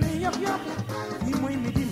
mooy